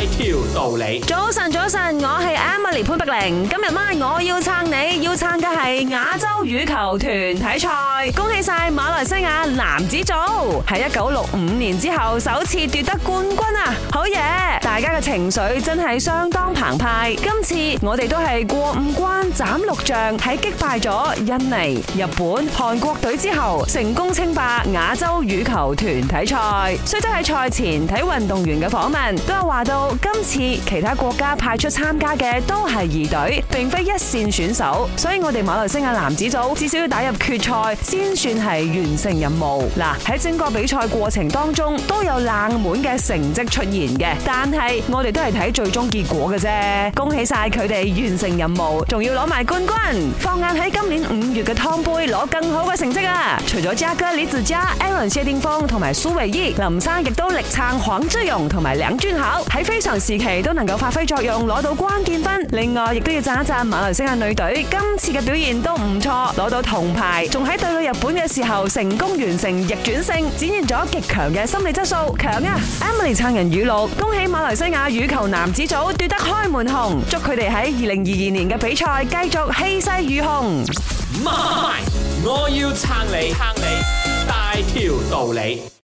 一條道理。早晨，早晨，我係 Emily 潘柏靈。今日晚我要撐你，要撐嘅係亞洲羽球團體賽。恭喜晒馬來西亞男子組喺一九六五年之後首次奪得冠軍啊！好嘢，大家嘅情緒真係相當澎湃。今次我哋都係過五關斬六將，喺擊敗咗印尼、日本、韓國隊之後，成功稱霸亞洲羽球團體賽。雖則喺賽前睇運動員嘅訪問，都有話到。今次其他國家派出參加嘅都係二隊，並非一線選手，所以我哋馬來西亞男子組至少要打入決賽先算係完成任務。嗱，喺整個比賽過程當中都有冷門嘅成績出現嘅，但係我哋都係睇最終結果嘅啫。恭喜晒佢哋完成任務，仲要攞埋冠軍。放眼喺今年五月嘅湯杯，攞更好嘅成績啊！除咗張哥李佳、李自嘉、Aaron 謝霆鋒同埋蘇維伊，林生亦都力撐黃志勇同埋梁俊豪喺非常時期都能夠發揮作用，攞到關鍵分。另外，亦都要讚一讚馬來西亞女隊今次嘅表現都唔錯，攞到銅牌，仲喺對到日本嘅時候成功完成逆轉勝，展現咗極強嘅心理質素，強啊！Emily 撐人語錄，恭喜馬來西亞羽球男子組奪得開門紅，祝佢哋喺二零二二年嘅比賽繼續氣勢如虹。My，我要撐你，撐你，大條道理。